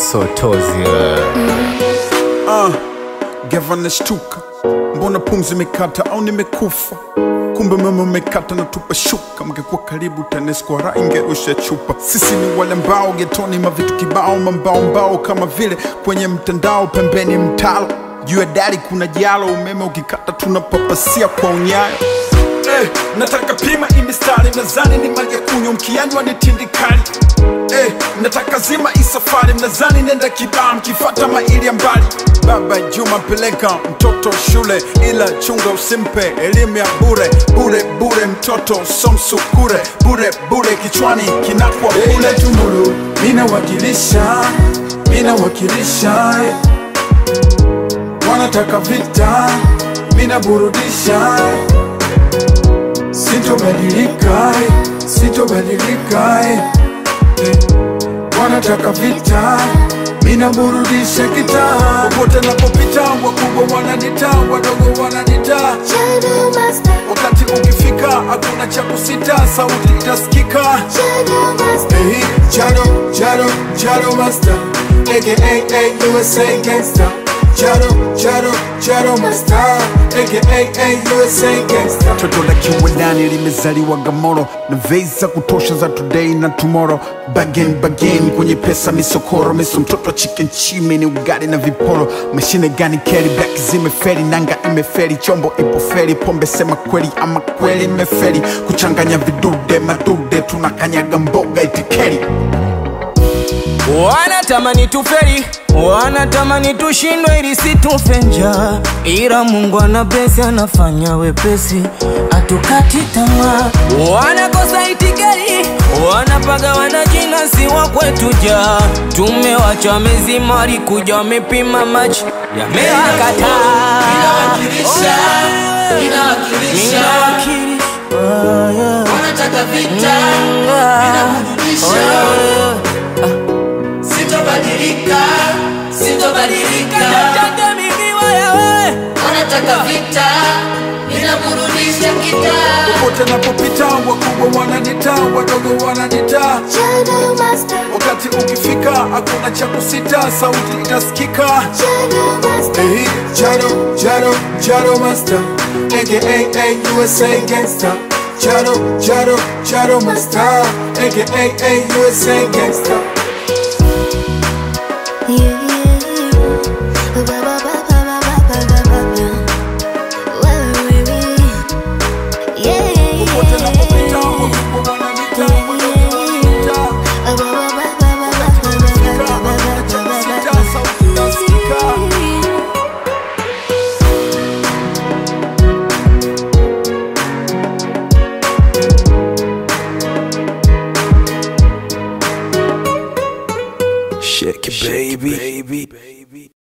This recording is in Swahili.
sotozi uh, mbona pumzi imekata au nimekufa? Kumbe mama umekata na tupa shuka, mgekuwa karibu TANESCO ingerusha chupa. Sisi ni wale mbao getoni, mavitu kibao, mambao kama vile kwenye mtandao, pembeni mtalo, juu ya dari kuna jalo, umeme ukikata tunapapasia kwa unyayo hey, eh, nataka pima imistari mnazani ni mali ya kunywa ni tindikali hey, eh, nataka zima isafari mnazani nenda kibaa mkifata maili ya mbali baba Juma peleka mtoto shule ila chunga usimpe elimu ya bure bure bure mtoto somsukure bure bure kichwani kinakwa bure hey, tumuru minawakilisha minawakilisha eh. wanataka vita minaburudisha sitobadilika, sitobadilika wanataka vita mina burudisha kitaa popote napopita, wakubwa wananita, wadogo wananita. Wakati ukifika hakuna cha kusita, sauti itasikika. Hey, Chado, Chado, Chado Master, aka USA Gangster Charo, Charo, Toto la kiwandani limezaliwa Gamoro na vei za kutosha za today na tomorrow, bagen bagen kwenye pesa misokoro, meso mtoto chicken chime ni ugali na viporo, mashine gani keri black zimeferi, nanga imeferi, chombo ipo feri, pombe sema kweli ama kweli imeferi, kuchanganya vidude madude, tunakanyaga mboga itikeri Wanatamani tuferi, wanatamani tushindwe ili situfe njaa, ila Mungu ana besi, anafanya wepesi, atukati tamaa. Wanakosa itikadi, wanapaga wanajinasi wa kwetu jaa, tumewacha wamezima, walikuja wamepima maji, yamewakataa inawakilisha, wanataka vita, inawakilisha sitobadilika, sitobadilika. Nataka mikiwa ya anataka vita inaburudisha kita popote kupita wakubwa wananita wadogo wananitaa, wakati ukifika hakuna cha kusita, sauti inasikika hey, Master USA Master USA check, baby.